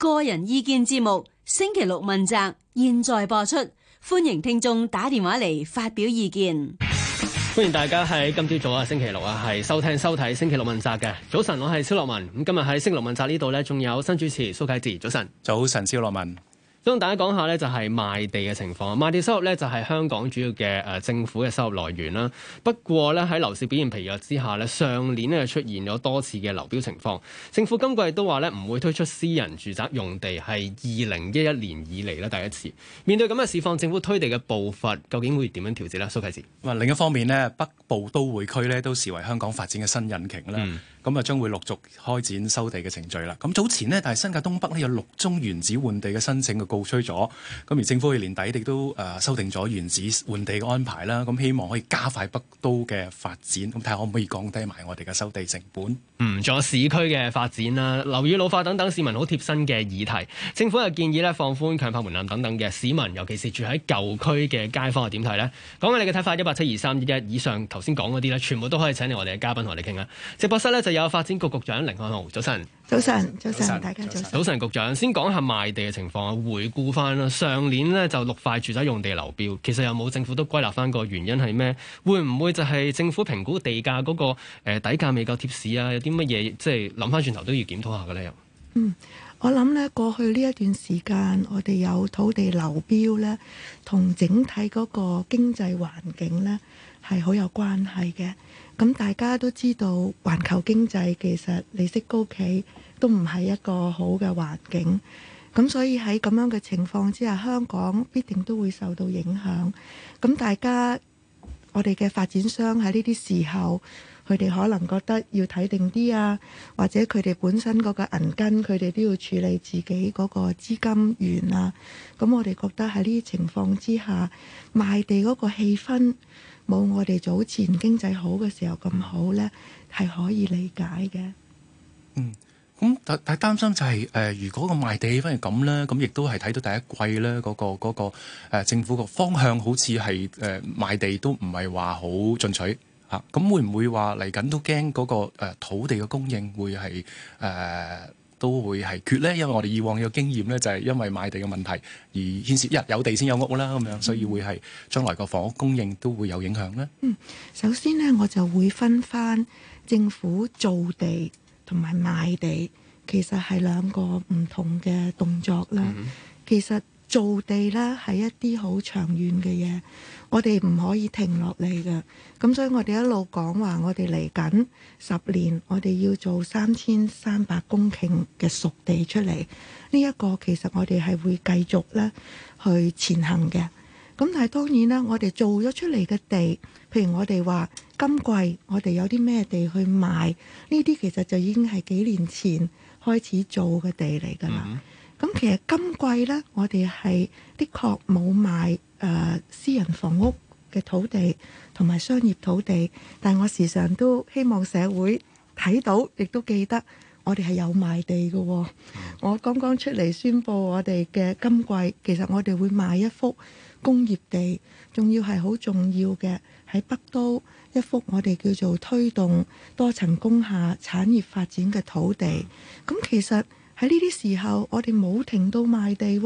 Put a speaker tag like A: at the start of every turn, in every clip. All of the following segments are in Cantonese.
A: 個人意見節目星期六問責，現在播出，歡迎聽眾打電話嚟發表意見。歡迎大家喺今朝早啊，星期六啊，係收聽收睇星期六問責嘅。早晨，我係蕭樂文。咁今日喺星期六問責呢度呢，仲有新主持蘇啟智。早晨，早晨，蕭樂文。想同大家講下呢就係賣地嘅情況啊。賣地收入呢，就係香港主要嘅誒政府嘅收入來源啦。不過呢，喺樓市表現疲弱之下咧，上年呢出現咗多次嘅流標情況。政府今季都話呢唔會推出私人住宅用地，係二零一一年以嚟呢第一次面對咁嘅市況，政府推地嘅步伐究竟會點樣調節呢？蘇啟智。
B: 咁啊另一方面呢，北部都會區呢都視為香港發展嘅新引擎啦。咁啊、嗯、將會陸續開展收地嘅程序啦。咁早前呢，但係新界東北呢有六宗原址換地嘅申請嘅。告吹咗，咁而政府喺年底亦都誒修訂咗原址換地嘅安排啦，咁希望可以加快北都嘅發展，咁睇下可唔可以降低埋
A: 我哋嘅收地成本。嗯，仲有市區嘅發展啦、樓宇老化等等，市民好貼身嘅議題。政府又建議咧放寬強化門檻等等嘅市民，尤其是住喺舊區嘅街坊，又點睇呢？講下你嘅睇法。一八七二三一一以上，頭先講嗰啲咧，全部都可以請嚟我哋嘅嘉賓同我哋傾啊。直播室咧就有發展局局長甯漢豪，早晨。
C: 早晨，早晨，大家早
A: 晨。早晨，局長，先講下賣地嘅情況啊。回顧翻啦，上年咧就六塊住宅用地流標，其實有冇政府都歸納翻個原因係咩？會唔會就係政府評估地價嗰、那個、呃、底價未夠貼市啊？有啲乜嘢即係諗翻轉頭都要檢討下嘅咧？又嗯，
C: 我諗咧過去呢一段時間，我哋有土地流標咧，同整體嗰個經濟環境咧係好有關係嘅。咁大家都知道，環球經濟其實利息高企都唔係一個好嘅環境。咁所以喺咁樣嘅情況之下，香港必定都會受到影響。咁大家我哋嘅發展商喺呢啲時候，佢哋可能覺得要睇定啲啊，或者佢哋本身嗰個銀根，佢哋都要處理自己嗰個資金源啊。咁我哋覺得喺呢啲情況之下，賣地嗰個氣氛冇我哋早前經濟好嘅時候咁好咧，係可以理解嘅。嗯，
B: 咁但但係擔心就係、是、誒、呃，如果個賣地反而咁咧，咁亦都係睇到第一季咧嗰、嗰個嗰、嗰個嗰個呃、政府個方向好似係誒賣地都唔係話好進取嚇，咁、啊、會唔會話嚟緊都驚嗰、嗰個、呃、土地嘅供應會係誒？呃都會係缺咧，因為我哋以往嘅經驗咧，就係、是、因為買地嘅問題而牽涉，一有地先有屋啦，咁樣，所以會係將來個房屋供應都會有影響咧。嗯，
C: 首先咧，我就會分翻政府造地同埋賣地，其實係兩個唔同嘅動作啦。嗯嗯，其實。做地咧，係一啲好長遠嘅嘢，我哋唔可以停落嚟嘅。咁所以我哋一路講話，我哋嚟緊十年，我哋要做三千三百公頃嘅熟地出嚟。呢一個其實我哋係會繼續咧去前行嘅。咁但係當然啦，我哋做咗出嚟嘅地，譬如我哋話今季我哋有啲咩地去賣，呢啲其實就已經係幾年前開始做嘅地嚟噶啦。Mm hmm. 咁其實今季呢，我哋係的確冇賣誒私人房屋嘅土地同埋商業土地，但我時常都希望社會睇到，亦都記得我哋係有賣地嘅。我剛剛出嚟宣布，我哋嘅今季其實我哋會賣一幅工業地，仲要係好重要嘅喺北都一幅，我哋叫做推動多層工廈產業發展嘅土地。咁其實。喺呢啲時候，我哋冇停到賣地，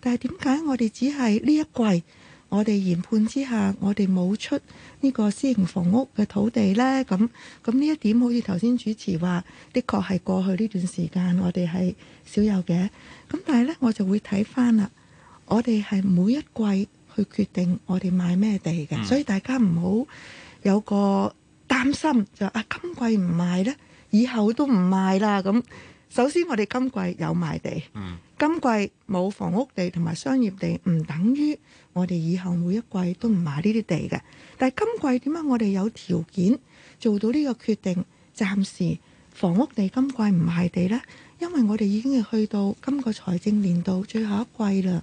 C: 但係點解我哋只係呢一季，我哋研判之下，我哋冇出呢個私營房屋嘅土地呢。咁咁呢一點，好似頭先主持話，的確係過去呢段時間我哋係少有嘅。咁但係呢，我就會睇返啦，我哋係每一季去決定我哋賣咩地嘅，嗯、所以大家唔好有個擔心就啊，今季唔賣咧，以後都唔賣啦咁。首先，我哋今季有賣地，今季冇房屋地同埋商業地，唔等於我哋以後每一季都唔賣呢啲地嘅。但係今季點解我哋有條件做到呢個決定？暫時房屋地今季唔賣地呢？因為我哋已經係去到今個財政年度最後一季啦。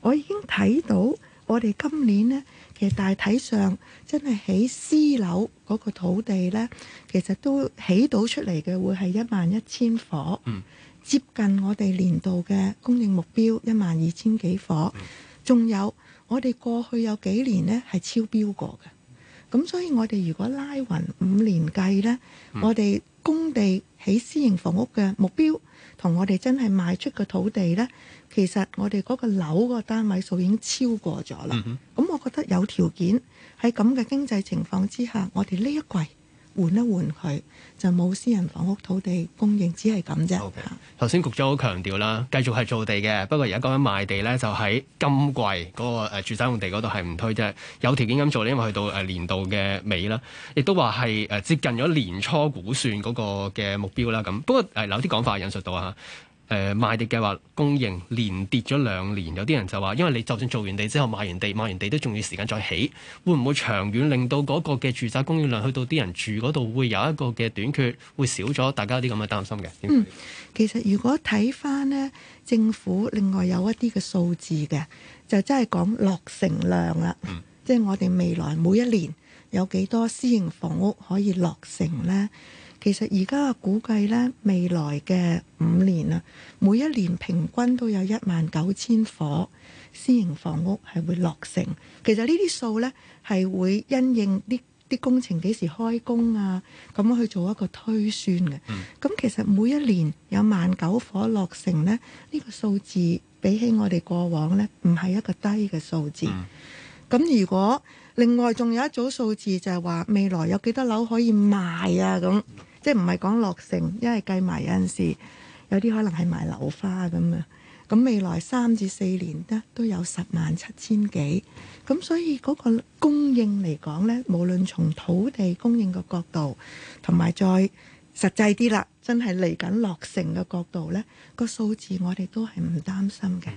C: 我已經睇到我哋今年呢。嘅大體上，真係起私樓嗰個土地呢，其實都起到出嚟嘅會係一萬一千伙，嗯、接近我哋年度嘅供應目標一萬二千幾伙。仲、嗯、有我哋過去有幾年呢係超標過嘅，咁所以我哋如果拉勻五年計呢，嗯、我哋供地起私營房屋嘅目標。同我哋真係賣出嘅土地呢，其實我哋嗰個樓個單位數已經超過咗啦。咁、嗯、哼我覺得有條件喺咁嘅經濟情況之下，我哋呢一季。換一換佢就冇私人房屋土地供應，只係咁啫。
A: 頭先、okay. 局長好強調啦，繼續係造地嘅，不過而家講緊賣地咧，就喺今季嗰個住宅用地嗰度係唔推啫。有條件咁做呢，因為去到誒年度嘅尾啦，亦都話係誒接近咗年初估算嗰個嘅目標啦。咁不過誒有啲講法引述到吓。誒、呃、賣地嘅話，供應連跌咗兩年，有啲人就話，因為你就算做完地之後賣完地，賣完地都仲要時間再起，會唔會長遠令到嗰個嘅住宅供應量去到啲人住嗰度會有一個嘅短缺，會少咗？大家啲咁嘅擔心嘅。嗯，
C: 其實如果睇返呢，政府另外有一啲嘅數字嘅，就真係講落成量啦，嗯、即係我哋未來每一年有幾多私營房屋可以落成呢？其實而家估計咧，未來嘅五年啊，每一年平均都有一萬九千夥私營房屋係會落成。其實呢啲數呢，係會因應啲啲工程幾時開工啊，咁去做一個推算嘅。咁、嗯、其實每一年有萬九夥落成呢，呢、呢個數字比起我哋過往呢，唔係一個低嘅數字。咁、嗯、如果另外仲有一組數字就係話未來有幾多樓可以賣啊咁。即係唔係講落成，因為計埋有陣時有啲可能係賣樓花咁啊。咁未來三至四年咧都有十萬七千幾，咁所以嗰個供應嚟講呢，無論從土地供應嘅角度，同埋再實際啲啦，真係嚟緊落成嘅角度呢，個數字我哋都係唔擔心嘅。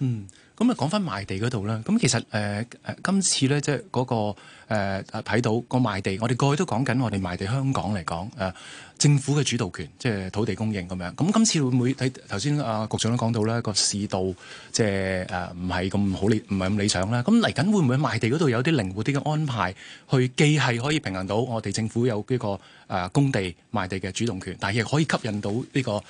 C: 嗯。嗯。
B: 咁啊，講返賣地嗰度啦。咁其實誒誒、呃，今次咧即係嗰個誒睇、呃、到個賣地，我哋過去都講緊我哋賣地香港嚟講，誒、呃、政府嘅主導權，即係土地供應咁樣。咁、嗯、今次會唔會喺，頭先啊局長都講到咧個市道，就是，即係誒唔係咁好理，唔係咁理想啦。咁嚟緊會唔會賣地嗰度有啲靈活啲嘅安排，去既係可以平衡到我哋政府有呢個誒供地賣地嘅主動權，但係亦可以吸引到呢、這個啊、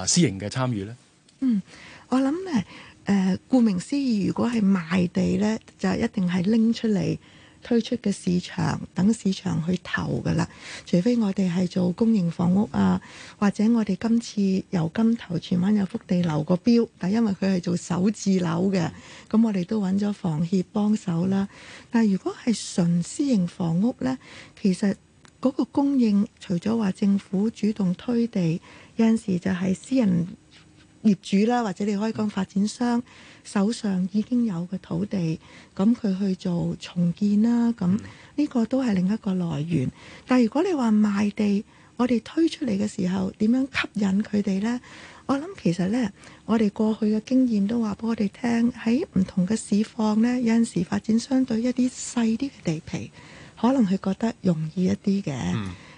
B: 呃、私營嘅參與咧？嗯，
C: 我諗咧。誒，uh, 顧名思義，如果係賣地呢，就一定係拎出嚟推出嘅市場，等市場去投噶啦。除非我哋係做公營房屋啊，或者我哋今次由金頭荃灣有幅地樓個標，但因為佢係做首置樓嘅，咁我哋都揾咗房協幫手啦。但如果係純私營房屋呢，其實嗰個供應，除咗話政府主動推地，有陣時就係私人，業主啦，或者你可以講發展商手上已經有嘅土地，咁佢去做重建啦，咁呢個都係另一個來源。但係如果你話賣地，我哋推出嚟嘅時候點樣吸引佢哋呢？我諗其實呢，我哋過去嘅經驗都話俾我哋聽，喺唔同嘅市況呢，有陣時發展商對一啲細啲嘅地皮，可能佢覺得容易一啲嘅。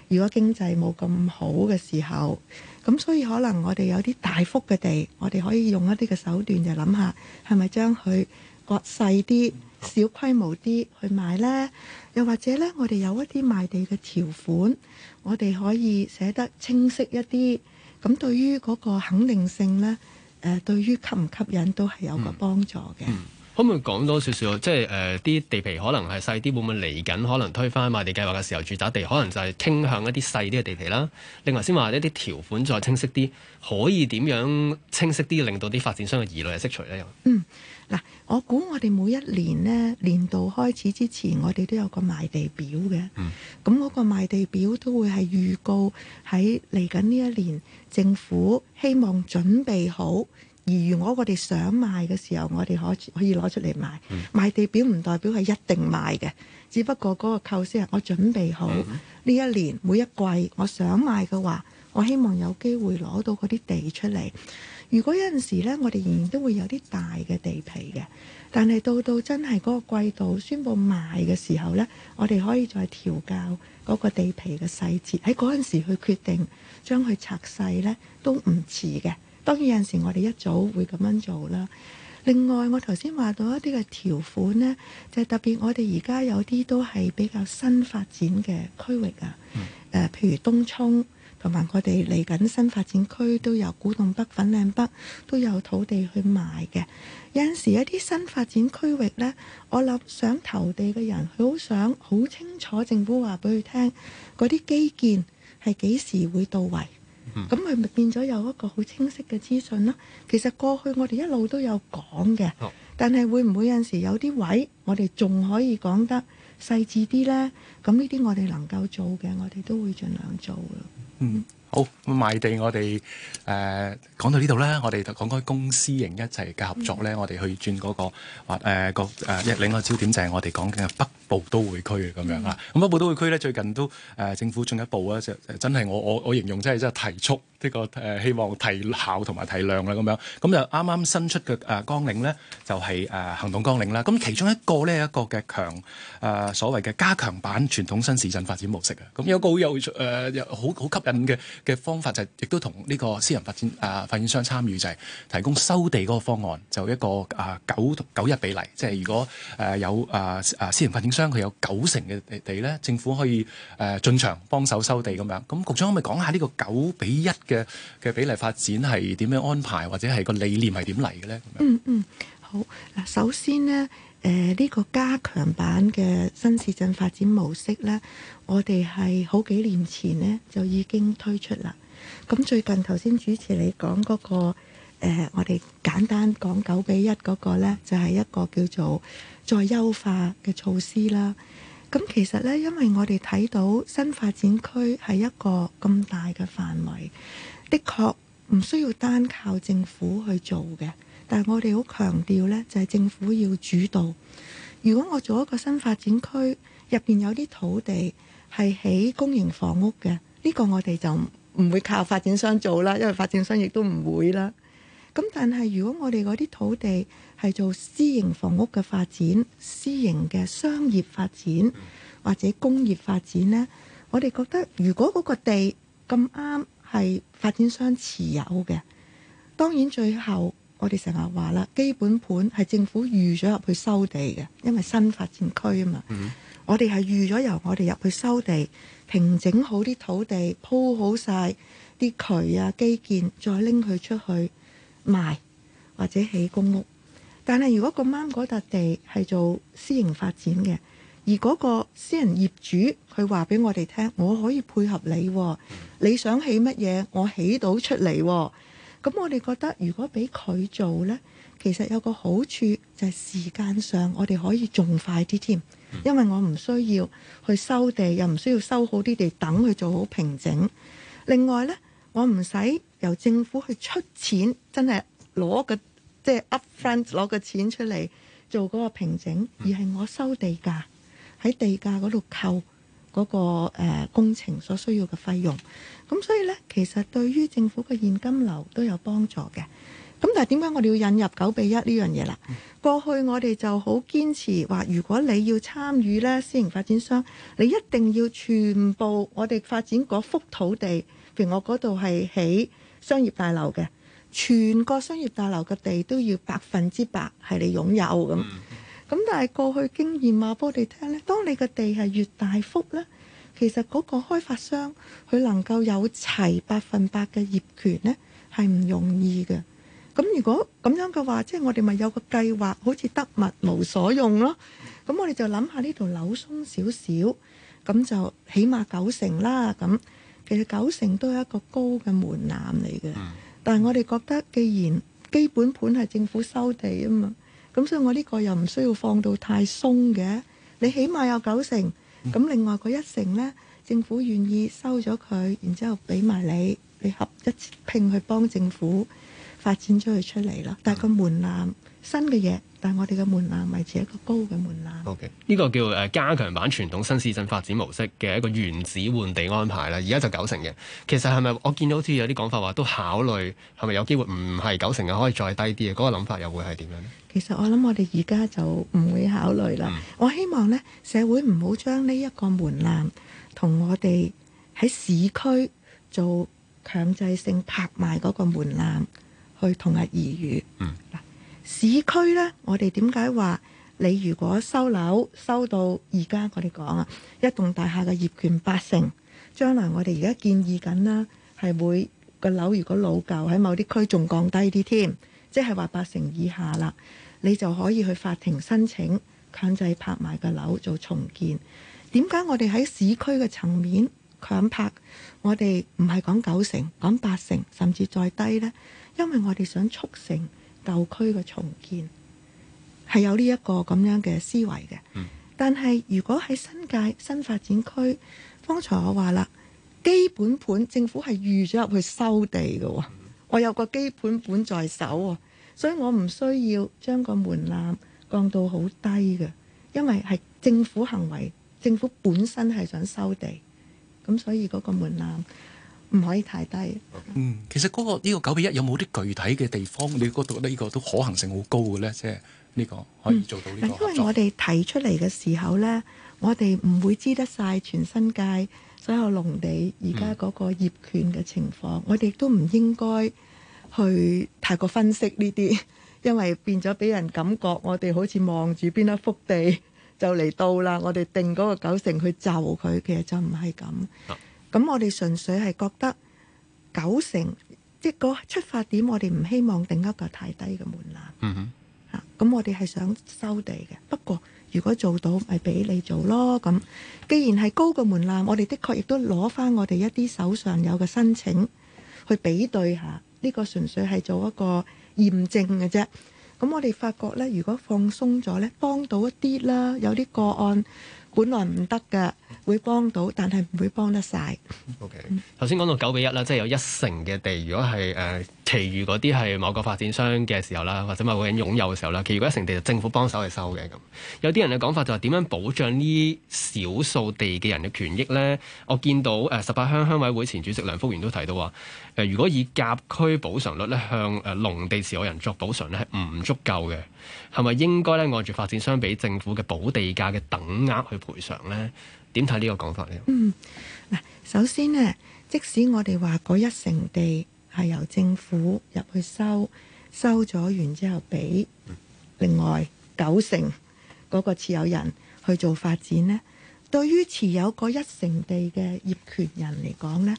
C: 如果經濟冇咁好嘅時候。咁、嗯、所以可能我哋有啲大幅嘅地，我哋可以用一啲嘅手段想想，就諗下係咪將佢割細啲、小規模啲去賣咧？又或者咧，我哋有一啲賣地嘅條款，我哋可以寫得清晰一啲。咁對於嗰個肯定性咧，誒、呃、對於吸唔吸引都係有個幫助嘅。
A: 嗯嗯可唔可以講多少少？即係誒啲地皮可能係細啲，會唔會嚟緊？可能推翻賣地計劃嘅時候，住宅地可能就係傾向一啲細啲嘅地皮啦。另外先話一啲條款再清晰啲，可以點樣清晰啲，令到啲發展商嘅疑慮釋除咧？又嗯，
C: 嗱，我估我哋每一年咧年度開始之前，我哋都有個賣地表嘅。嗯，咁嗰個賣地表都會係預告，喺嚟緊呢一年，政府希望準備好。而如果我哋想賣嘅時候，我哋可可以攞出嚟賣。賣地表唔代表係一定賣嘅，只不過嗰個構思係我準備好呢一年每一季，我想賣嘅話，我希望有機會攞到嗰啲地出嚟。如果有陣時呢，我哋仍然都會有啲大嘅地皮嘅，但係到到真係嗰個季度宣布賣嘅時候呢，我哋可以再調校嗰個地皮嘅細節，喺嗰陣時去決定將佢拆細呢，都唔遲嘅。當然有陣時我哋一早會咁樣做啦。另外，我頭先話到一啲嘅條款呢，就係、特別我哋而家有啲都係比較新發展嘅區域啊。譬、嗯呃、如東涌，同埋我哋嚟緊新發展區都有古洞北、粉嶺北都有土地去賣嘅。有陣時一啲新發展區域呢，我諗想投地嘅人，佢好想好清楚政府話俾佢聽，嗰啲基建係幾時會到位。咁咪、嗯、變咗有一個好清晰嘅資訊啦。其實過去我哋一路都有講嘅，哦、但係會唔會有陣時有啲位我哋仲可以講得細緻啲呢？咁呢啲我哋能夠做嘅，我哋都會盡量做咯。嗯。
B: 好，賣地，我哋誒講到呢度啦。我哋講開公私營一齊嘅合作咧，我哋去轉嗰個或誒個誒另一個焦點，就係我哋講緊嘅北部都會區咁樣啊。咁北部都會區咧，最近都誒政府進一步啊，就真係我我我形容真係真係提速。呢個誒希望提效同埋提量啦，咁樣咁就啱啱新出嘅誒綱領咧，就係、是、誒、呃、行動綱領啦。咁其中一個咧，一個嘅強誒、呃、所謂嘅加強版傳統新市鎮發展模式啊。咁有個好有誒又好好吸引嘅嘅方法，就是，就係亦都同呢個私人發展誒、呃、發展商參與就係、是、提供收地嗰個方案，就是、一個誒九九一比例。即係如果誒有誒誒私人發展商佢有九成嘅地咧，政府可以誒、呃、進場幫手收地咁樣，咁局長可唔可以講下呢個九比一嘅嘅比例發展係點樣安排，或者係個理念係點嚟嘅呢？
C: 嗯嗯，好嗱，首先呢，誒，呢個加強版嘅新市鎮發展模式呢，我哋係好幾年前呢就已經推出啦。咁最近頭先主持你講嗰個，誒，我哋簡單講九比一嗰個呢，就係一個叫做再優化嘅措施啦。咁其實呢，因為我哋睇到新發展區係一個咁大嘅範圍，的確唔需要單靠政府去做嘅。但係我哋好強調呢，就係政府要主導。如果我做一個新發展區，入邊有啲土地係起公營房屋嘅，呢個我哋就唔會靠發展商做啦，因為發展商亦都唔會啦。咁但係，如果我哋嗰啲土地係做私營房屋嘅發展、私營嘅商業發展或者工業發展呢，我哋覺得如果嗰個地咁啱係發展商持有嘅，當然最後我哋成日話啦，基本盤係政府預咗入去收地嘅，因為新發展區啊嘛。Mm-hmm. 我哋係預咗由我哋入去收地，平整好啲土地，鋪好晒啲渠啊基建，再拎佢出去。賣或者起公屋，但係如果咁啱嗰笪地係做私營發展嘅，而嗰個私人業主佢話俾我哋聽，我可以配合你喎，你想起乜嘢，我起到出嚟喎。咁我哋覺得如果俾佢做呢，其實有個好處就係時間上，我哋可以仲快啲添，因為我唔需要去收地，又唔需要收好啲地等佢做好平整。另外呢，我唔使。由政府去出錢，真係攞個即係、就是、upfront 攞個錢出嚟做嗰個平整，而係我收地價，喺地價嗰度扣嗰個誒工程所需要嘅費用。咁所以咧，其實對於政府嘅現金流都有幫助嘅。咁但係點解我哋要引入九比一呢樣嘢啦？過去我哋就好堅持話，如果你要參與咧，私營發展商，你一定要全部我哋發展嗰幅土地，譬如我嗰度係起。商業大樓嘅，全個商業大樓嘅地都要百分之百係你擁有咁。咁但係過去經驗話畀我哋聽呢，當你嘅地係越大幅呢，其實嗰個開發商佢能夠有齊百分百嘅業權呢，係唔容易嘅。咁如果咁樣嘅話，即係我哋咪有個計劃，好似得物無所用咯。咁我哋就諗下呢度扭鬆少少，咁就起碼九成啦咁。其實九成都係一個高嘅門檻嚟嘅，嗯、但係我哋覺得既然基本盤係政府收地啊嘛，咁所以我呢個又唔需要放到太鬆嘅，你起碼有九成，咁另外嗰一成呢，政府願意收咗佢，然之後俾埋你，你合一次拼去幫政府發展咗佢出嚟啦，但係個門檻。新嘅嘢，但係我哋嘅門檻維持一個高嘅門檻。
A: OK，呢個叫誒，加強版傳統新市鎮發展模式嘅一個原址換地安排啦。而家就九成嘅，其實係咪我見到好似有啲講法話都考慮，係咪有機會唔係九成嘅可以再低啲嘅？嗰、那個諗法又會係點樣咧？
C: 其實我諗我哋而家就唔會考慮啦。嗯、我希望咧社會唔好將呢一個門檻同我哋喺市區做強制性拍賣嗰個門檻去同日而語。嗯。嗱。市區呢，我哋點解話你如果收樓收到而家我哋講啊，一棟大廈嘅業權八成，將來我哋而家建議緊啦，係會個樓如果老舊喺某啲區仲降低啲添，即係話八成以下啦，你就可以去法庭申請強制拍賣個樓做重建。點解我哋喺市區嘅層面強拍，我哋唔係講九成、講八成，甚至再低呢？因為我哋想促成。舊區嘅重建係有呢一個咁樣嘅思維嘅，但係如果喺新界新發展區，方才我話啦，基本盤政府係預咗入去收地嘅，我有個基本盤在手，所以我唔需要將個門檻降到好低嘅，因為係政府行為，政府本身係想收地，咁所以嗰個門檻。唔可以太低。Okay.
B: 嗯，其實嗰個呢個九比一有冇啲具體嘅地方？你覺得呢個都可行性好高嘅咧，即係呢個可以做到呢個。嗯。因為
C: 我哋提出嚟嘅時候咧，我哋唔會知得晒全新界所有農地而家嗰個業權嘅情況。嗯。我哋都唔應該去太過分析呢啲，因為變咗俾人感覺我哋好似望住邊一幅地就嚟到啦，我哋定嗰個九成去就佢，其實就唔係咁。嗯。咁我哋純粹係覺得九成即係、就是、個出發點，我哋唔希望定一個太低嘅門檻。嗯哼，嚇、啊！咁我哋係想收地嘅。不過如果做到，咪俾你做咯。咁既然係高嘅門檻，我哋的確亦都攞翻我哋一啲手上有嘅申請去比對下。呢、這個純粹係做一個驗證嘅啫。咁我哋發覺呢，如果放鬆咗呢，幫到一啲啦。有啲個案本來唔得嘅。會幫到，但係唔會幫得晒。
A: O.K. 頭先講到九比一啦，即係有一成嘅地，如果係誒、呃，其餘嗰啲係某個發展商嘅時候啦，或者某個人擁有嘅時候啦，其餘一成地就政府幫手去收嘅。咁有啲人嘅講法就話點樣保障呢少數地嘅人嘅權益呢？我見到誒十八鄉鄉委會前主席梁福源都提到話誒、呃，如果以甲區補償率咧向誒、呃、農地持有人作補償咧，係唔足夠嘅，係咪應該咧按住發展商俾政府嘅補地價嘅等額去賠償呢？點睇呢個講法呢？嗯，
C: 嗱，首先呢，即使我哋話嗰一成地係由政府入去收，收咗完之後俾另外九成嗰個持有人去做發展呢，對於持有嗰一成地嘅業權人嚟講呢，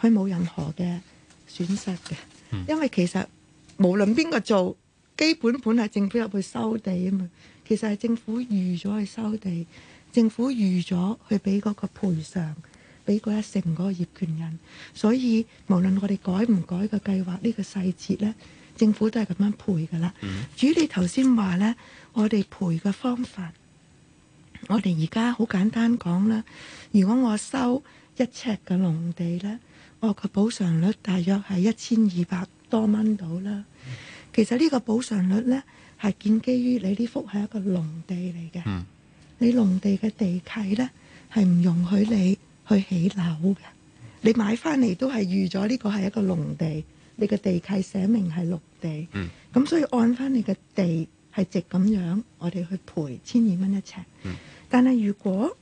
C: 佢冇任何嘅損失嘅，嗯、因為其實無論邊個做，基本本係政府入去收地啊嘛，其實係政府預咗去收地。政府預咗去俾嗰個賠償，俾嗰一成嗰個業權人，所以無論我哋改唔改個計劃呢，呢個細節呢，政府都係咁樣賠噶啦。至、mm hmm. 於你頭先話呢，我哋賠嘅方法，我哋而家好簡單講啦。如果我收一尺嘅農地呢，我個補償率大約係一千二百多蚊到啦。其實呢個補償率呢，係建基於你呢幅係一個農地嚟嘅。Mm hmm. 你農地嘅地契呢，係唔容許你去起樓嘅。你買翻嚟都係預咗呢個係一個農地，你嘅地契寫明係綠地。咁、嗯、所以按翻你嘅地係值咁樣，我哋去賠千二蚊一尺。嗯、但係如果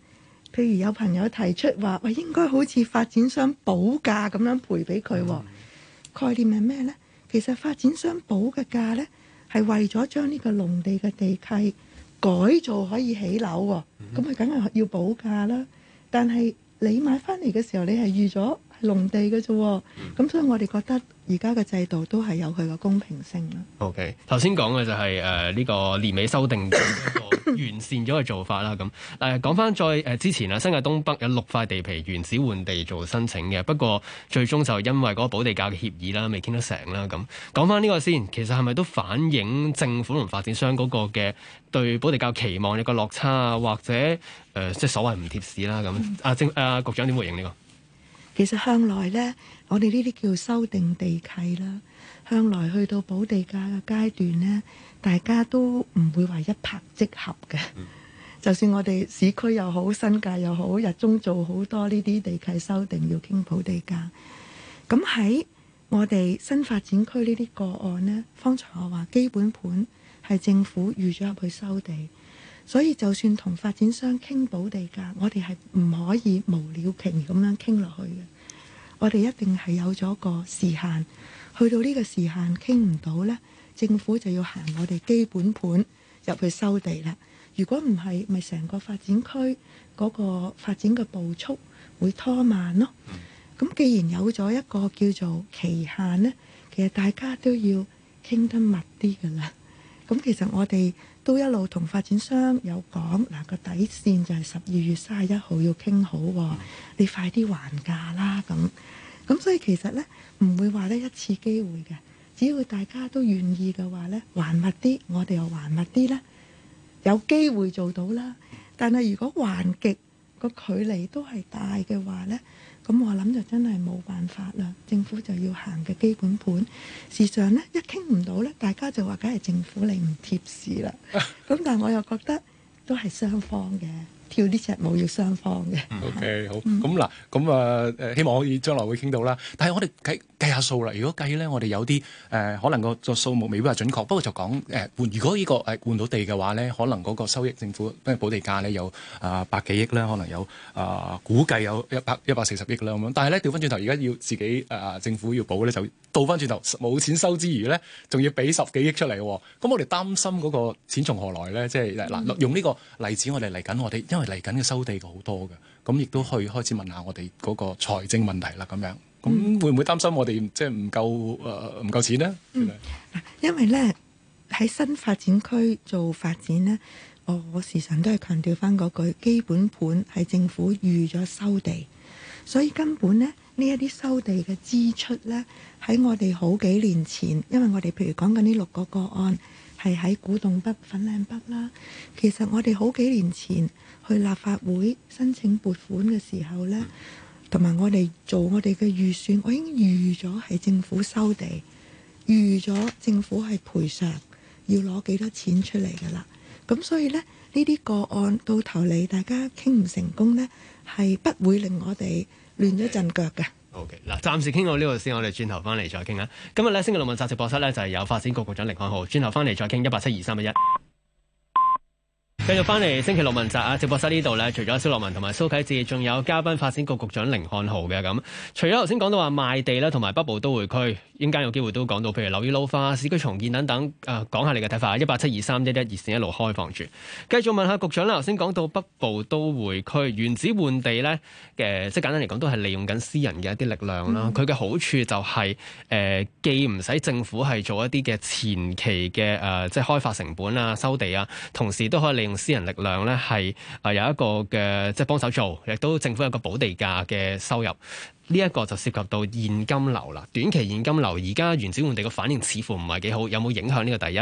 C: 譬如有朋友提出話，喂，應該好似發展商補價咁樣賠俾佢喎？嗯、概念係咩呢？其實發展商補嘅價呢，係為咗將呢個農地嘅地契。改造可以起樓喎，咁佢梗係要補價啦。但係你買翻嚟嘅時候，你係預咗農地嘅啫喎。咁所以我哋覺得而家嘅制度都係有佢嘅公平性啦。
A: O K，頭先講嘅就係誒呢個年尾修訂。完善咗嘅做法啦，咁、嗯、誒講翻再誒、呃、之前啦，新界東北有六塊地皮原址換地做申請嘅，不過最終就因為嗰個保地價嘅協議啦，未傾得成啦，咁、嗯、講翻呢個先，其實係咪都反映政府同發展商嗰個嘅對保地價期望有個落差，或者誒、呃、即係所謂唔貼市啦咁？阿政阿局長點回應呢個？
C: 其實向來咧，我哋呢啲叫修訂地契啦，向來去到保地價嘅階段咧。大家都唔會話一拍即合嘅， 就算我哋市區又好，新界又好，日中做好多呢啲地契修訂要傾補地價。咁喺我哋新發展區呢啲個案呢，方才我話基本盤係政府預咗入去收地，所以就算同發展商傾補地價，我哋係唔可以無了期咁樣傾落去嘅。我哋一定係有咗個時限，去到呢個時限傾唔到呢，政府就要行我哋基本盤入去收地啦。如果唔係，咪成個發展區嗰個發展嘅步速會拖慢咯。咁既然有咗一個叫做期限咧，其實大家都要傾得密啲噶啦。咁其實我哋都一路同發展商有講嗱，個底線就係十二月三十一號要傾好，哦。你快啲還價啦咁。咁所以其實咧唔會話咧一次機會嘅。只要大家都願意嘅話呢，環密啲，我哋又環密啲啦，有機會做到啦。但係如果環極個距離都係大嘅話呢，咁我諗就真係冇辦法啦。政府就要行嘅基本盤。事實上呢，一傾唔到呢，大家就話梗係政府你唔貼士啦。咁 但係我又覺得都係雙方嘅。跳呢隻舞要雙方
B: 嘅。O Okay , K，是好。咁嗱是，咁啊、呃，希望可以將來會傾到啦。但係我哋計計下數啦。如果計呢，我哋有啲誒，可能個個數目未必係準確。不過就講誒，換、呃、如果呢個誒換到地嘅話呢，可能嗰個收益政府補地價呢有啊、呃、百幾億啦，可能有啊、呃、估計有一百一百四十億啦咁樣。但係呢調翻轉頭，而家要自己啊、呃、政府要補呢，就倒翻轉頭冇錢收之餘呢，仲要俾十幾億出嚟、哦。咁我哋擔心嗰個錢從何來呢？即係嗱，用呢個例子我，我哋嚟緊我哋因為嚟緊嘅收地好多嘅，咁亦都可以開始問下我哋嗰個財政問題啦，咁樣，咁會唔會擔心我哋即係唔夠誒唔夠錢呢？
C: 嗯，因為呢，喺新發展區做發展呢，我時常都係強調翻嗰句，基本盤係政府預咗收地，所以根本呢，呢一啲收地嘅支出呢，喺我哋好幾年前，因為我哋譬如講緊呢六個個案。係喺古洞北、粉嶺北啦。其實我哋好幾年前去立法會申請撥款嘅時候呢，同埋我哋做我哋嘅預算，我已經預咗係政府收地，預咗政府係賠償要攞幾多錢出嚟噶啦。咁所以呢，呢啲個案到頭嚟大家傾唔成功呢，係不會令我哋亂咗陣腳㗎。
A: 好嘅，嗱，okay，暫時傾到呢度先，我哋轉頭翻嚟再傾啦。今日咧，星期六問責直播室咧，就係、是、有發展局局長甯漢豪。轉頭翻嚟再傾，一八七二三一一。繼續翻嚟星期六問責啊！直播室呢度咧，除咗蕭樂文同埋蘇啟智，仲有嘉賓發展局，局局長甯漢豪嘅咁。除咗頭先講到話賣地啦，同埋北部都會區應間有機會都講到，譬如樓宇老化、市區重建等等。誒、呃，講下你嘅睇法。一八七二三一一二線一路開放住。繼續問下局長啦。頭先講到北部都會區原址換地咧，誒、呃，即係簡單嚟講，都係利用緊私人嘅一啲力量啦。佢嘅好處就係、是、誒、呃，既唔使政府係做一啲嘅前期嘅誒、呃，即係開發成本啊、收地啊，同時都可以利用。私人力量咧，係啊，有一個嘅即係幫手做，亦都政府有個補地價嘅收入。呢、這、一個就涉及到現金流啦，短期現金流。而家原址換地嘅反應似乎唔係幾好，有冇影響呢、這個第一？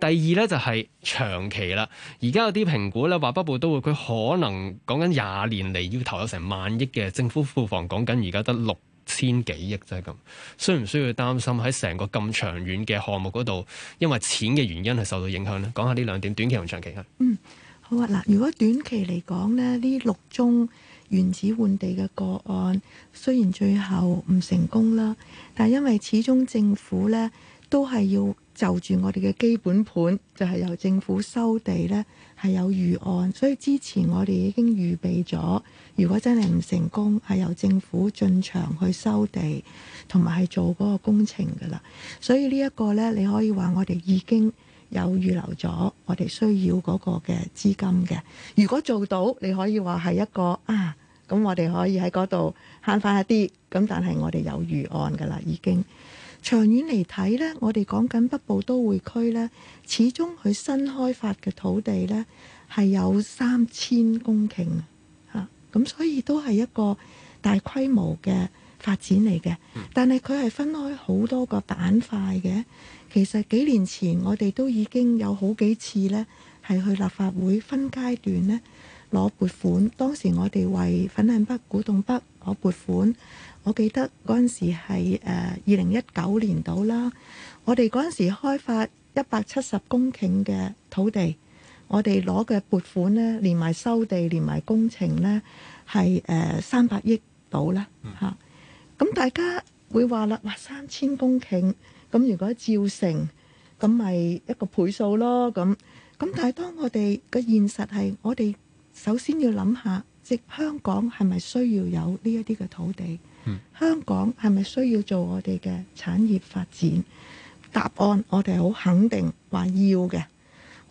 A: 第二咧就係、是、長期啦。而家有啲評估咧，話北部都會，佢可能講緊廿年嚟要投入成萬億嘅政府庫房，講緊而家得六。千幾億就係咁，需唔需要擔心喺成個咁長遠嘅項目嗰度，因為錢嘅原因係受到影響咧？講下呢兩點，短期同長期啊。嗯，
C: 好啊嗱，如果短期嚟講咧，呢六宗原址換地嘅個案雖然最後唔成功啦，但係因為始終政府呢都係要就住我哋嘅基本盤，就係由政府收地呢係有預案，所以之前我哋已經預備咗。如果真係唔成功，係由政府進場去收地同埋係做嗰個工程噶啦，所以呢一個呢，你可以話我哋已經有預留咗我哋需要嗰個嘅資金嘅。如果做到，你可以話係一個啊，咁我哋可以喺嗰度慳返一啲。咁但係我哋有預案噶啦，已經。長遠嚟睇呢，我哋講緊北部都會區呢，始終佢新開發嘅土地呢，係有三千公頃。咁所以都係一個大規模嘅發展嚟嘅，但係佢係分開好多個板塊嘅。其實幾年前我哋都已經有好幾次呢，係去立法會分階段呢攞撥款。當時我哋為粉嶺北、古洞北攞撥款，我記得嗰陣時係誒二零一九年度啦。我哋嗰陣時開發一百七十公頃嘅土地。我哋攞嘅撥款呢，連埋收地、連埋工程呢，係誒三百億到啦嚇。咁、嗯啊、大家會話啦，話三千公頃，咁如果照成，咁咪一個倍數咯咁。咁但係當我哋嘅現實係，我哋首先要諗下，即香港係咪需要有呢一啲嘅土地？嗯、香港係咪需要做我哋嘅產業發展？答案我哋好肯定話要嘅。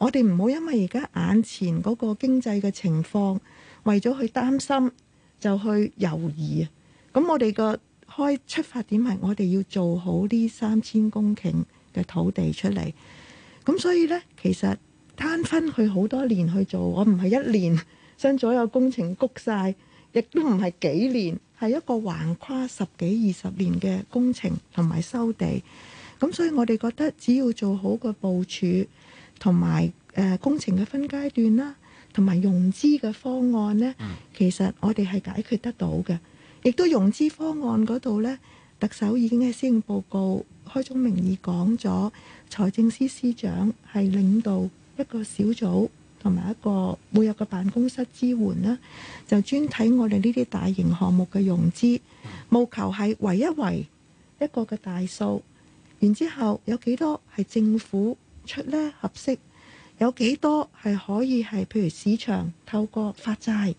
C: 我哋唔好因為而家眼前嗰個經濟嘅情況，為咗去擔心就去猶疑。咁我哋個開出發點，係我哋要做好呢三千公頃嘅土地出嚟。咁所以咧，其實攤分去好多年去做，我唔係一年將所有工程谷晒，亦都唔係幾年，係一個橫跨十幾二十年嘅工程同埋收地。咁所以我哋覺得只要做好個部署，同埋誒工程嘅分階段啦，同埋融資嘅方案呢，其實我哋係解決得到嘅。亦都融資方案嗰度呢，特首已經喺施政報告開宗明義講咗，財政司司長係領導一個小組同埋一個每日嘅辦公室支援啦，就專睇我哋呢啲大型項目嘅融資，務求係圍一圍一個嘅大數，然之後有幾多係政府。出呢，合適有幾多係可以係譬如市場透過發債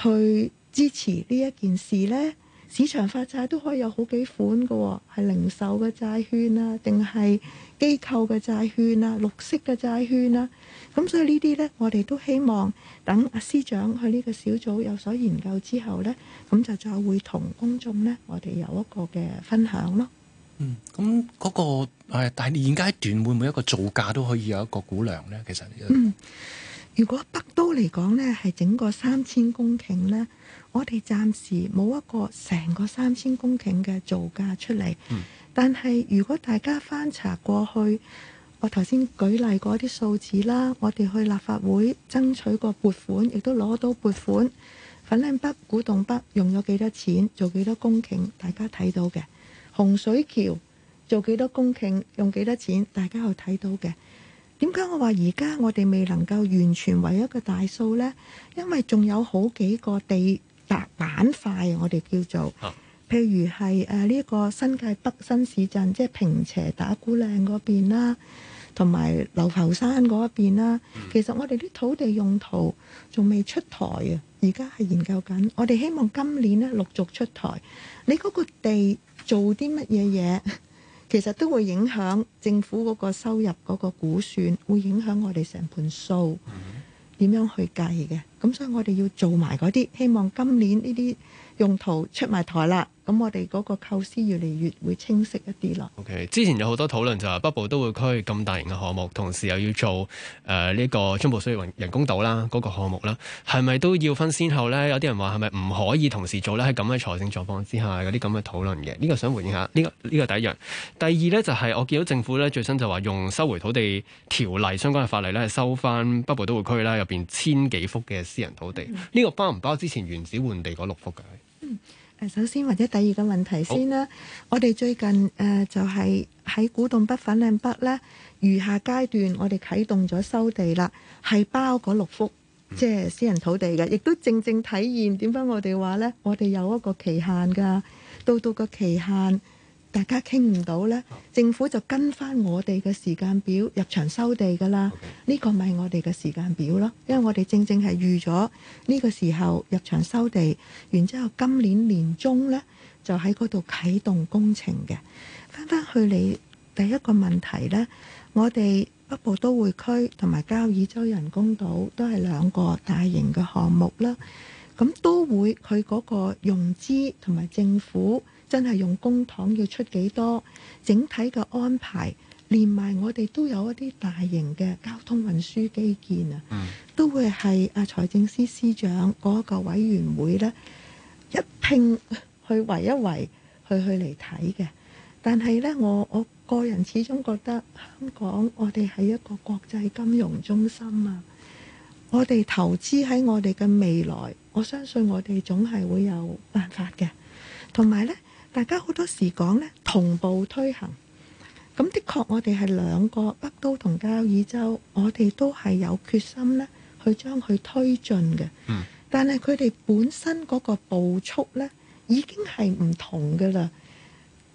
C: 去支持呢一件事呢？市場發債都可以有好幾款㗎喎、哦，係零售嘅債券啊，定係機構嘅債券啊，綠色嘅債券啊。咁所以呢啲呢，我哋都希望等阿司長去呢個小組有所研究之後呢，咁就再會同公眾呢，我哋有一個嘅分享咯。
B: 嗯，咁嗰個，但係現階段會唔會一個造價都可以有一個估量呢？其實，嗯，
C: 如果北都嚟講呢係整個三千公頃呢，我哋暫時冇一個成個三千公頃嘅造價出嚟。嗯，但係如果大家翻查過去，我頭先舉例過啲數字啦，我哋去立法會爭取過撥款，亦都攞到撥款，粉嶺北、古洞北用咗幾多錢做幾多公頃，大家睇到嘅。洪水橋做幾多公頃用幾多錢？大家有睇到嘅。點解我話而家我哋未能夠完全為一個大數呢？因為仲有好幾個地達板塊，我哋叫做、啊、譬如係誒呢個新界北新市鎮，即係坪輋打鼓嶺嗰邊啦，同埋流浮山嗰邊啦。嗯、其實我哋啲土地用途仲未出台啊，而家係研究緊。我哋希望今年呢陸續出台你嗰個地。做啲乜嘢嘢，其實都會影響政府嗰個收入嗰個估算，會影響我哋成盤數點樣去計嘅。咁所以我哋要做埋嗰啲，希望今年呢啲用途出埋台啦。咁我哋嗰個構思越嚟越會清晰一啲咯。
A: OK，之前有好多討論就話北部都會區咁大型嘅項目，同時又要做誒呢、呃這個中部水域人工島啦，嗰、那個項目啦，係咪都要分先後咧？有啲人話係咪唔可以同時做咧？喺咁嘅財政狀況之下，有啲咁嘅討論嘅。呢、這個想回應下，呢、這個呢、這個第一樣。第二咧就係、是、我見到政府咧最新就話用收回土地條例相關嘅法例咧，係收翻北部都會區啦入邊千幾幅嘅私人土地。呢、嗯、個包唔包之前原址換地嗰六幅㗎？嗯。
C: 首先或者第二個問題先啦。好我哋最近誒、呃、就係、是、喺古洞北粉嶺北呢，餘下階段我哋啟動咗收地啦，係包嗰六幅即、就是、私人土地嘅，亦都正正體現點解我哋話呢，我哋有一個期限㗎，到到個期限。大家傾唔到呢，政府就跟翻我哋嘅時間表入場收地㗎啦。呢個咪我哋嘅時間表咯，因為我哋正正係預咗呢個時候入場收地，然之後今年年中呢，就喺嗰度啟動工程嘅。翻返去你第一個問題呢，我哋北部都會區同埋交椅洲人工島都係兩個大型嘅項目啦，咁都會佢嗰個融資同埋政府。真係用公帑要出幾多？整體嘅安排，連埋我哋都有一啲大型嘅交通運輸基建啊，嗯、都會係啊財政司司長嗰個委員會呢一拼去圍一圍去去嚟睇嘅。但係呢，我我個人始終覺得香港我哋係一個國際金融中心啊！我哋投資喺我哋嘅未來，我相信我哋總係會有辦法嘅，同埋呢。大家好多時講呢，同步推行，咁的確我哋係兩個北都同交椅洲，我哋都係有決心呢去將佢推進嘅。嗯，但係佢哋本身嗰個步速呢，已經係唔同㗎喇。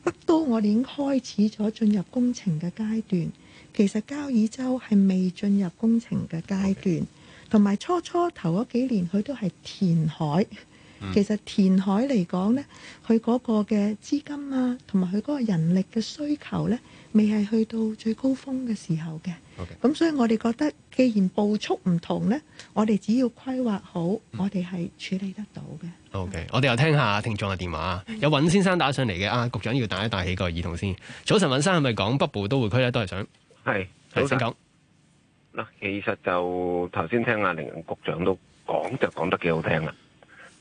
C: 北都我哋已經開始咗進入工程嘅階段，其實交椅洲係未進入工程嘅階段，同埋初初頭嗰幾年佢都係填海。其實填海嚟講呢，佢嗰個嘅資金啊，同埋佢嗰個人力嘅需求呢，未係去到最高峰嘅時候嘅。咁 Okay.、嗯、所以我哋覺得，既然步速唔同呢，我哋只要規劃好，我哋係處理得到嘅。
A: OK，、嗯、我哋又聽下聽眾嘅電話，有尹先生打上嚟嘅啊，局長要戴一戴起個耳筒先。早晨，尹生係咪講北部都會區呢？都係想？係，請
D: 講。嗱，其實就頭先聽阿甯局長都講，就講得幾好聽啦。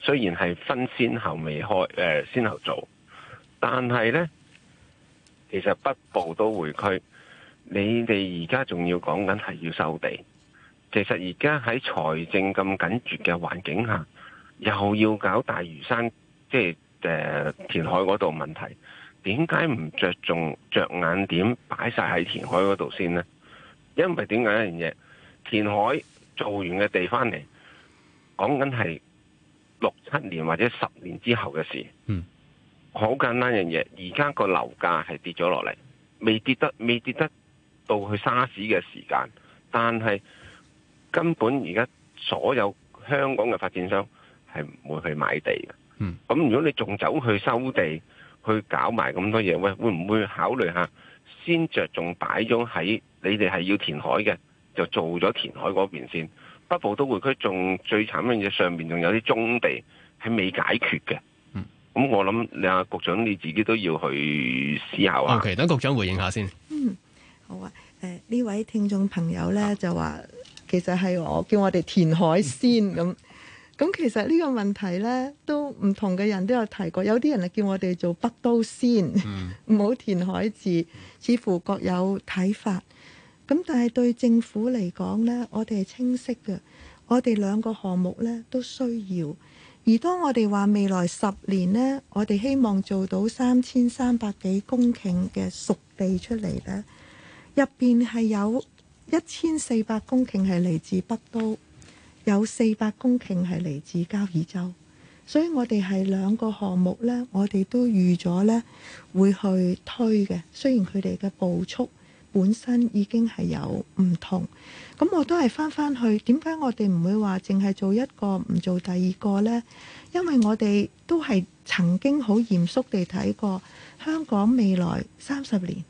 D: 雖然係分先後未開，誒先後做，但係呢，其實北部都會區，你哋而家仲要講緊係要收地，其實而家喺財政咁緊絀嘅環境下，又要搞大嶼山，即係誒填海嗰度問題，點解唔着重，着眼點擺晒喺填海嗰度先呢？因為點解一樣嘢，填海做完嘅地翻嚟，講緊係。六七年或者十年之後嘅事，嗯，好簡單樣嘢。而家個樓價係跌咗落嚟，未跌得，未跌得到去沙士嘅時間。但係根本而家所有香港嘅發展商係唔會去買地嘅。嗯，咁如果你仲走去收地，去搞埋咁多嘢，喂，會唔會考慮下先着重擺咗喺你哋係要填海嘅，就做咗填海嗰邊先？北部都會區仲最慘嘅嘢，上面仲有啲棕地係未解決嘅。咁、嗯、我諗，你阿、啊、局長你自己都要去思考啊。O K，等局長回應下先。
C: 嗯，好啊。誒、呃，呢位聽眾朋友咧，就話，其實係我叫我哋填海先咁。咁、啊、其實呢個問題咧，都唔同嘅人都有提過。有啲人啊叫我哋做北都先，唔好、嗯、 填海字，似乎各有睇法。咁但係對政府嚟講呢，我哋係清晰嘅。我哋兩個項目呢都需要。而當我哋話未來十年呢，我哋希望做到三千三百幾公頃嘅熟地出嚟呢，入邊係有一千四百公頃係嚟自北都，有四百公頃係嚟自交椅洲。所以我哋係兩個項目呢，我哋都預咗呢會去推嘅。雖然佢哋嘅步速本身已經係有唔同，咁我都係翻翻去。點解我哋唔會話淨係做一個唔做第二個呢？因為我哋都係曾經好嚴肅地睇過香港未來三十年，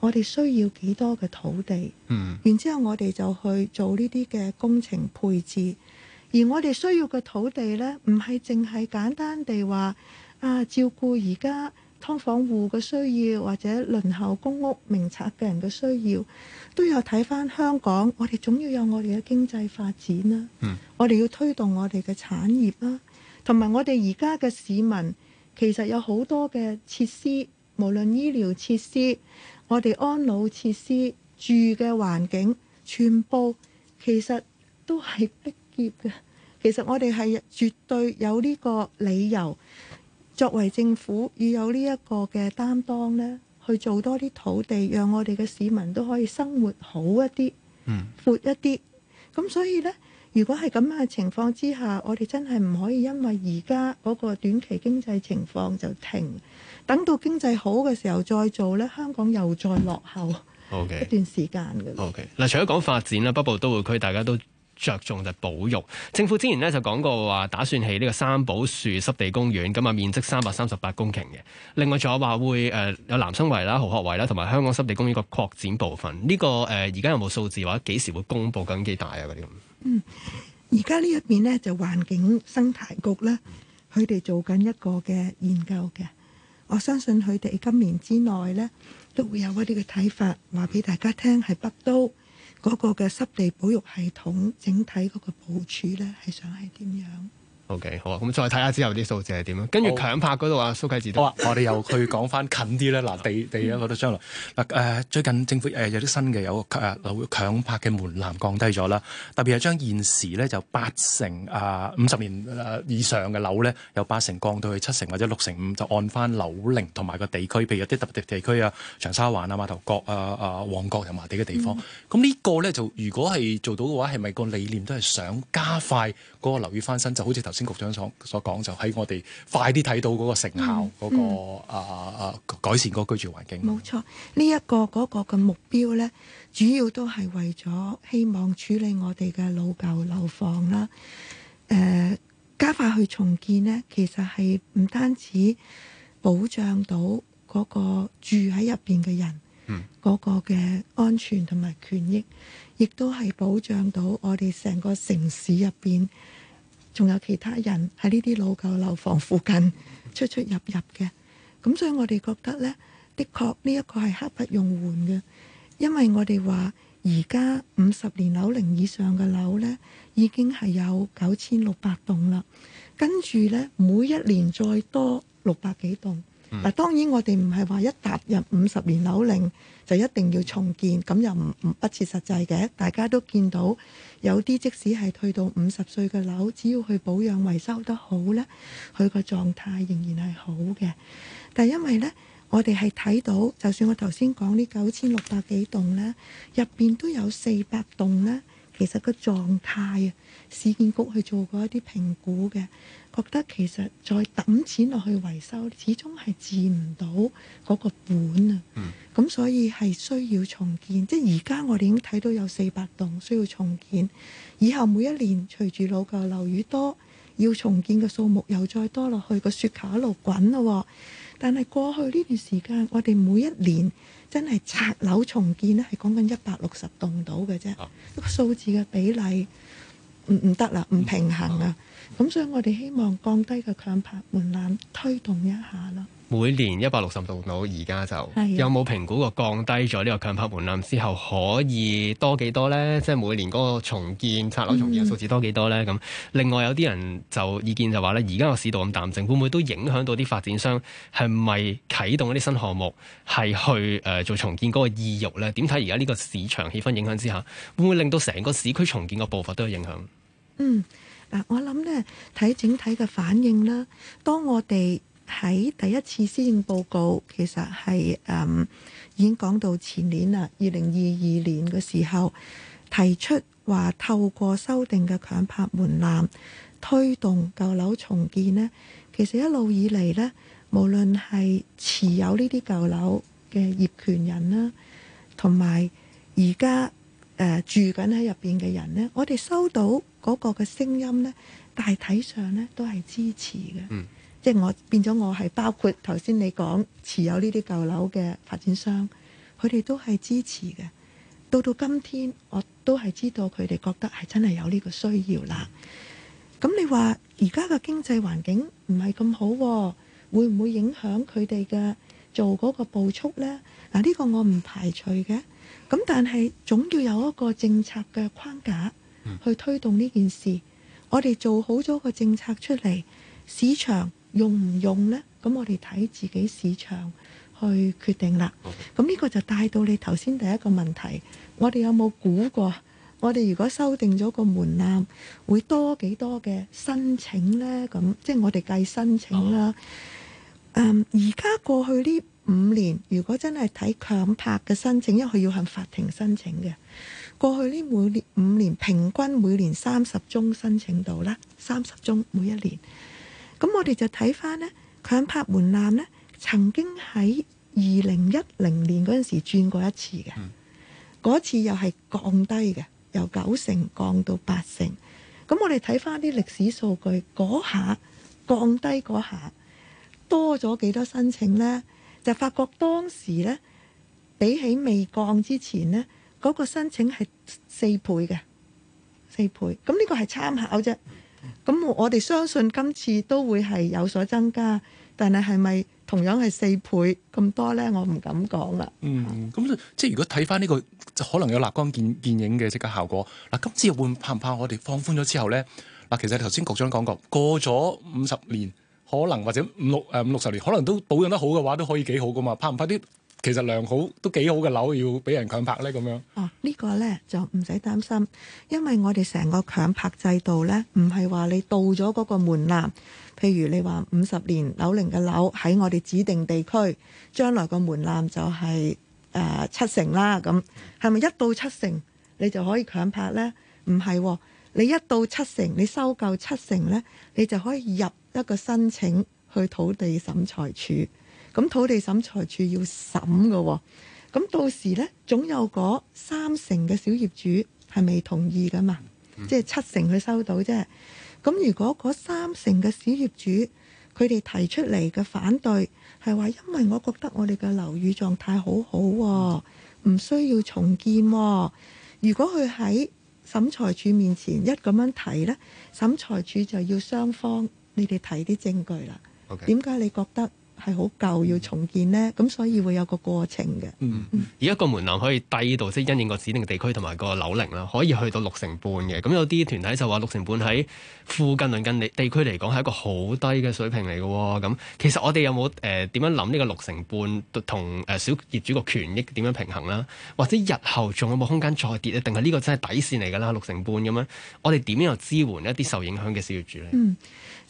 C: 我哋需要幾多嘅土地。嗯，然之後我哋就去做呢啲嘅工程配置，而我哋需要嘅土地呢，唔係淨係簡單地話啊照顧而家。劏房戶嘅需要或者輪候公屋名冊嘅人嘅需要都有睇翻香港，我哋總要有我哋嘅經濟發展啦，嗯，我哋要推動我哋嘅產業啦，同埋我哋而家嘅市民其實有好多嘅設施，無論醫療設施，我哋安老設施住嘅環境全部其實都係逼劫嘅，其實我哋，係絕對有呢個理由。作為政府要有呢一個嘅擔當呢去做多啲土地，讓我哋嘅市民都可以生活好一啲，
E: 嗯、
C: 闊一啲。咁所以呢，如果係咁樣嘅情況之下，我哋真係唔可以因為而家嗰個短期經濟情況就停，等到經濟好嘅時候再做呢，香港又再落後一段時間嘅。嗱，Okay.
A: Okay。除咗講發展啦，北部都會區大家都着重就保育，政府之前呢，就講過話，打算起呢個三寶樹濕地公園，咁啊面積三百三十八公頃嘅。另外仲有話會誒、呃、有南生圍啦、蠔殼圍啦，同埋香港濕地公園個擴展部分。呢、這個誒而家有冇數字或者幾時會公布緊幾大啊？嗰啲咁。嗯，
C: 而家呢一邊呢就環境生態局咧，佢哋做緊一個嘅研究嘅。我相信佢哋今年之內咧都會有一啲嘅睇法，話俾大家聽係北都嗰個嘅濕地保育系統整體嗰個部署咧，係想係點樣？
A: O、okay, K，好，oh，好啊，咁再睇下之後啲數字係點樣。跟住強拍嗰度啊，蘇啟智都，我哋又去
B: 講翻近啲咧。嗱， 地地啊，嗰度將來嗱誒、呃，最近政府誒、呃、有啲新嘅有誒樓、呃、強拍嘅門檻降低咗啦。特別係將現時咧就八成啊五十年、呃、以上嘅樓咧，由八成降到去七成或者六成五，就按翻樓齡同埋個地區，譬如有啲特別地區啊，長沙灣啊、馬頭角啊、啊旺角同埋地嘅地方。咁、嗯、呢個咧就如果係做到嘅話，係咪個理念都係想加快嗰個樓宇翻身，就好似頭先。局長所所講就喺我哋快啲睇到嗰個成效，嗰、嗯那個啊啊、呃、改善個居住環境。
C: 冇錯，呢、這、一個嗰、那個嘅目標呢，主要都係為咗希望處理我哋嘅老舊樓房啦。誒、呃，加快去重建呢，其實係唔單止保障到嗰個住喺入邊嘅人，嗯，嗰個嘅安全同埋權益，亦都係保障到我哋成個城市入邊。仲有其他人喺呢啲老舊樓房附近出出入入嘅，咁所以我哋覺得呢，的確呢一個係刻不容緩嘅，因為我哋話而家五十年樓齡以上嘅樓呢，已經係有九千六百棟啦，跟住呢，每一年再多六百幾棟，嗱當然我哋唔係話一踏入五十年樓齡。就一定要重建，咁又唔唔不，不，不切實際嘅。大家都見到有啲即使係退到五十歲嘅樓，只要去保養維修得好呢，佢個狀態仍然係好嘅。但因為呢，我哋係睇到，就算我頭先講呢九千六百幾棟呢，入邊都有四百棟呢。其實個狀態啊，市建局去做過一啲評估嘅，覺得其實再揼錢落去維修，始終係治唔到嗰個本啊。 嗯，咁、嗯、所以係需要重建。即係而家我哋已經睇到有四百棟需要重建，以後每一年隨住老舊樓宇多，要重建嘅數目又再多落去，個雪球一路滾咯、哦。但係過去呢段時間，我哋每一年真係拆樓重建咧，係講緊一百六十棟到嘅啫，個數字嘅比例唔唔得啦，唔平衡啊，咁、嗯嗯、所以我哋希望降低個強拍門檻，推動一下啦。
A: 每年一百六十棟樓，而家就有冇評估過降低咗呢個強拍門檻之後可以多幾多呢？即係每年嗰個重建拆樓重建嘅數字多幾多呢？咁、嗯、另外有啲人就意見就話呢，而家個市道咁淡靜，會唔會都影響到啲發展商係咪啟動一啲新項目係去誒、呃、做重建嗰個意欲呢？點睇而家呢個市場氣氛影響之下，會唔會令到成個市區重建個步伐都有影響？
C: 嗯，嗱，我諗呢，睇整體嘅反應啦。當我哋喺第一次施政報告，其實係誒、嗯、已經講到前年啦，二零二二年嘅時候提出話，透過修訂嘅強拍門檻推動舊樓重建呢，其實一路以嚟呢，無論係持有呢啲舊樓嘅業權人啦，同埋而家誒住緊喺入邊嘅人呢，我哋收到嗰個嘅聲音呢，大體上呢都係支持嘅。嗯。即係我變咗，我係包括頭先你講持有呢啲舊樓嘅發展商，佢哋都係支持嘅。到到今天，我都係知道佢哋覺得係真係有呢個需要啦。咁你話而家嘅經濟環境唔係咁好喎，會唔會影響佢哋嘅做嗰個步速呢？嗱，呢個我唔排除嘅。咁但係總要有一個政策嘅框架去推動呢件事。嗯、我哋做好咗個政策出嚟，市場，用唔用呢？咁我哋睇自己市場去決定啦。咁呢個就帶到你頭先第一個問題，我哋有冇估過？我哋如果修訂咗個門檻，會多幾多嘅申請呢？咁即係我哋計申請啦。而家好、嗯、過去呢五年，如果真係睇強拍嘅申請，因為佢要向法庭申請嘅，過去呢每年五年平均每年三十宗申請到啦，三十宗每一年。咁我哋就睇返呢，強拍門檻呢曾經喺二零一零年嗰陣時轉過一次嘅，嗰、嗯、次又係降低嘅，由九成降到八成。咁我哋睇返啲歷史數據，嗰下降低，嗰下多咗幾多申請呢？就發覺當時呢，比起未降之前呢，嗰個申請係四倍嘅，四倍。咁呢個係參考啫。咁我哋相信今次都會係有所增加，但係係咪同樣係四倍咁多咧？我唔敢講啦。嗯，
B: 咁即係如果睇返呢個就可能有立竿見見影嘅即刻效果。嗱，今次會怕唔怕我哋放寬咗之後咧？嗱，其實你頭先局長講過，過咗五十年可能或者五六誒五六十年，可能都保養得好嘅話，都可以幾好㗎嘛。怕唔怕啲？其實良好都幾好嘅樓要俾人強拍呢？咁樣
C: 哦，呢個呢，就唔使擔心，因為我哋成個強拍制度呢，唔係話你到咗嗰個門檻，譬如你話五十年樓齡嘅樓喺我哋指定地區，將來個門檻就係，誒，七成啦，咁係咪一到七成你就可以強拍呢？唔係喎，你一到七成，你收夠七成呢，你就可以入一個申請去土地審裁處。咁土地審裁處要審嘅喎，咁到時呢，總有嗰三成嘅小業主係未同意嘅嘛，嗯、即係七成佢收到啫。咁如果嗰三成嘅小業主佢哋提出嚟嘅反對係話，因為我覺得我哋嘅樓宇狀態好好喎，唔需要重建喎。如果佢喺審裁處面前一咁樣提呢，審裁處就要雙方你哋睇啲證據啦。點解 Okay. 你覺得？係好舊要重建咧，咁所以會有個過程嘅。
A: 嗯，而一個門檻可以低到即係因應個指定地區同埋個樓齡啦，可以去到六成半嘅。咁有啲團體就話六成半喺附近鄰近地地區嚟講係一個好低嘅水平嚟嘅。咁其實我哋有冇誒，點樣諗呢個六成半同誒小業主個權益點樣平衡啦？或者日後仲有冇空間再跌咧？定係呢個真係底線嚟噶啦？六成半咁樣，我哋點樣又支援一啲受影響嘅小業主咧？嗯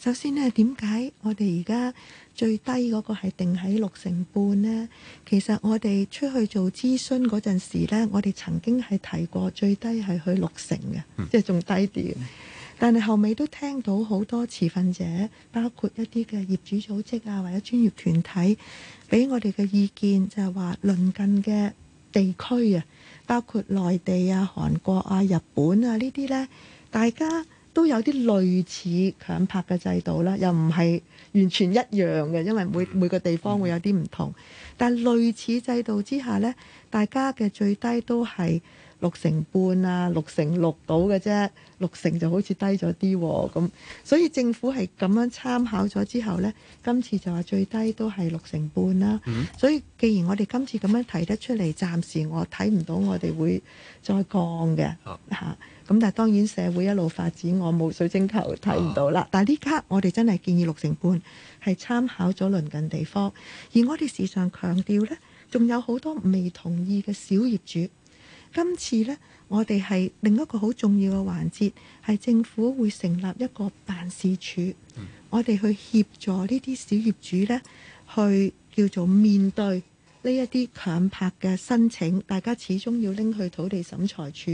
C: 首先呢，點解我哋而家最低嗰個係定喺六成半呢？其實我哋出去做諮詢嗰陣時呢，我哋曾經係提過最低係去六成嘅，即係仲低啲。但係後尾都聽到好多持份者，包括一啲嘅業主組織啊，或者專業團體，俾我哋嘅意見就係話，鄰近嘅地區啊，包括內地啊、韓國啊、日本啊呢啲呢，大家，都有啲類似強拍嘅制度啦，又唔係完全一樣嘅，因為每每個地方會有啲唔同。但係類似制度之下呢，大家嘅最低都係六成半啊，六成六到嘅啫，六成就好似低咗啲喎，咁所以政府係咁樣參考咗之後咧，今次就話最低都係六成半啦，啊。嗯、所以既然我哋今次咁樣提得出嚟，暫時我睇唔到我哋會再降嘅吓。咁、啊啊、但係當然社會一路發展，我冇水晶球睇唔到啦。啊、但係呢刻我哋真係建議六成半係參考咗鄰近地方，而我哋時常強調咧，仲有好多未同意嘅小業主。今次呢，我哋係另一個好重要嘅環節，係政府會成立一個辦事處，我哋去協助呢啲小業主呢，去叫做面對呢一啲強拍嘅申請，大家始終要拎去土地審裁處，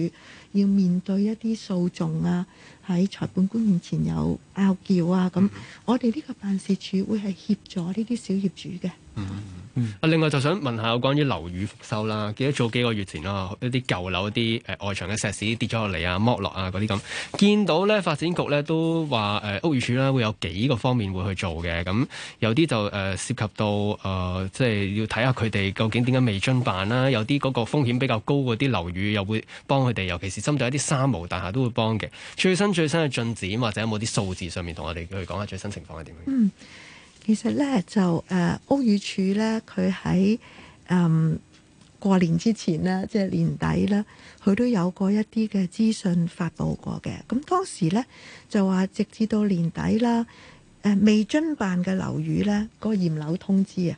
C: 要面對一啲訴訟啊。喺裁判官面前有拗撬啊，咁，我哋呢個辦事處會係協助呢啲小業主嘅。嗯
A: 嗯嗯。啊，另外就想問下關於樓宇復修啦，記得早幾個月前啦，一啲舊樓啲誒外牆嘅石屎跌咗落嚟啊、剝落啊嗰啲咁，見到咧發展局咧都話誒屋宇署咧會有幾個方面會去做嘅，咁有啲就誒涉及到誒，即係要睇下佢哋究竟點解未遵辦啦，有啲嗰個風險比較高嗰啲樓宇又會幫佢哋，尤其是針對一啲三無大廈都會幫嘅，最新。最新嘅進展或者有冇啲數字上面同我哋去講下最新情況係點
C: 樣？嗯，其實咧就誒屋、呃、宇署咧，佢喺誒過年之前啦，即係年底啦，佢都有過一啲嘅資訊發布過嘅。咁當時咧就話，直至到年底啦，誒、呃、未遵辦嘅樓宇咧，個驗樓通知啊，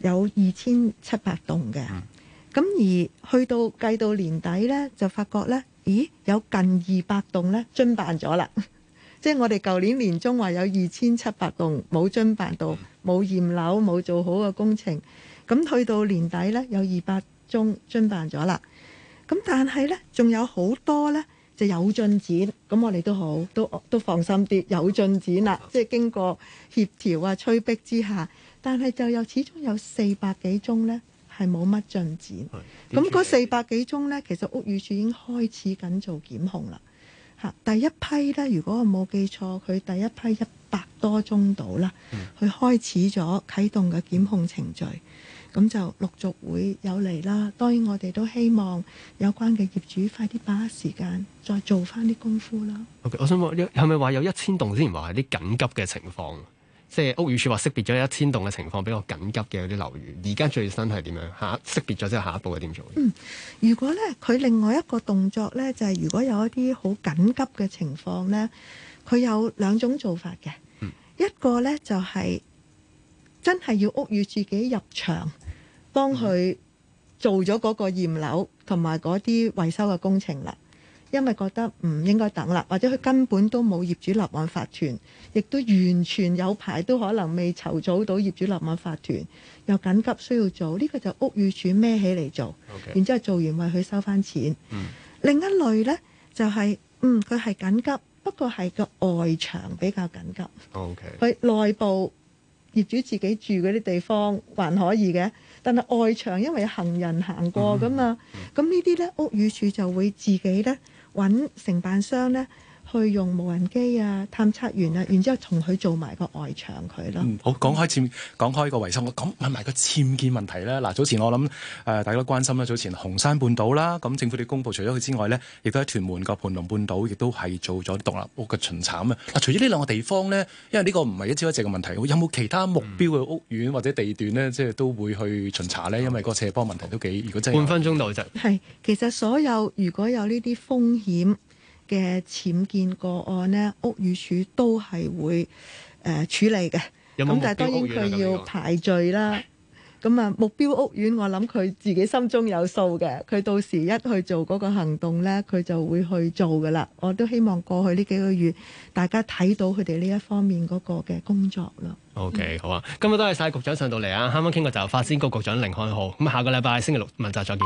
C: 有二千七百棟嘅。咁而去到計到年底咧，就發覺咧。咦，有近二百棟咧，遵辦咗啦。 即係我哋舊年年中話有二千七百棟冇遵辦到，冇驗樓，冇做好嘅工程。咁去到年底咧，有二百宗遵辦咗啦。咁但係咧，仲有好多咧，就有進展。咁我哋都好，都都放心啲，有進展啦。即係經過協調啊、催逼之下，但係就又始終有四百幾宗咧。係冇乜進展，咁嗰、嗯嗯、四百幾宗呢，其實屋宇署已經開始緊做檢控啦。嚇，第一批呢，如果我冇記錯，佢第一批一百多宗到啦，佢開始咗啟動嘅檢控程序，咁、嗯嗯、就陸續會有嚟啦。當然我哋都希望有關嘅業主快啲把握時間，再做翻啲功夫啦。
A: Okay, 我想問，係咪話有一千棟之前話係啲緊急嘅情況？即係屋宇署話識別咗一千棟嘅情況比較緊急嘅嗰啲樓宇，而家最新係點樣吓？識別咗之後下一步係點做？嗯，
C: 如果咧佢另外一個動作咧就係、是，如果有一啲好緊急嘅情況咧，佢有兩種做法嘅。嗯、一個咧就係、是、真係要屋宇自己入場幫佢做咗嗰個驗樓同埋嗰啲維修嘅工程啦。因為覺得唔、嗯、應該等啦，或者佢根本都冇業主立案法團，亦都完全有排都可能未籌組到業主立案法團，又緊急需要做，呢、這個就屋宇署孭起嚟做，Okay. 然之後做完為佢收翻錢。嗯、另一類呢，就係、是，嗯，佢係緊急，不過係個外牆比較緊急。佢內 Okay. 部業主自己住嗰啲地方還可以嘅，但係外牆因為行人行過噶嘛，咁呢啲咧屋宇署就會自己咧。搵承辦商呢，去用無人機啊，探測完啊，然之後同佢做埋個外牆佢啦，
B: 好講開佔講開個維修，我講問埋個僭建問題咧。嗱，早前我諗誒、呃，大家都關心啦。早前紅山半島啦，咁政府哋公佈，除咗佢之外呢，亦都喺屯門個盤龍半島，亦都係做咗獨立屋嘅巡查啊。嗱，除咗呢兩個地方呢，因為呢個唔係一朝一夕嘅問題，有冇其他目標嘅屋苑或者地段呢？即係都會去巡查呢，因為個斜坡問題都幾，如果真係半分鐘內啫。係，
C: 其實所有如果有呢啲風險。嘅僭建個案呢，屋宇署都係會誒、呃、處理嘅。咁但係當然佢要排序啦。咁啊，目標屋苑我諗佢自己心中有數嘅。佢到時一去做嗰個行動呢，佢就會去做噶啦。我都希望過去呢幾個月，大家睇到佢哋呢一方面嗰個嘅工作咯。
A: OK、嗯、好啊。今日多謝晒局長上到嚟啊。啱啱傾過就係發展局局長甯漢豪。咁下個禮拜星期六文澤再見。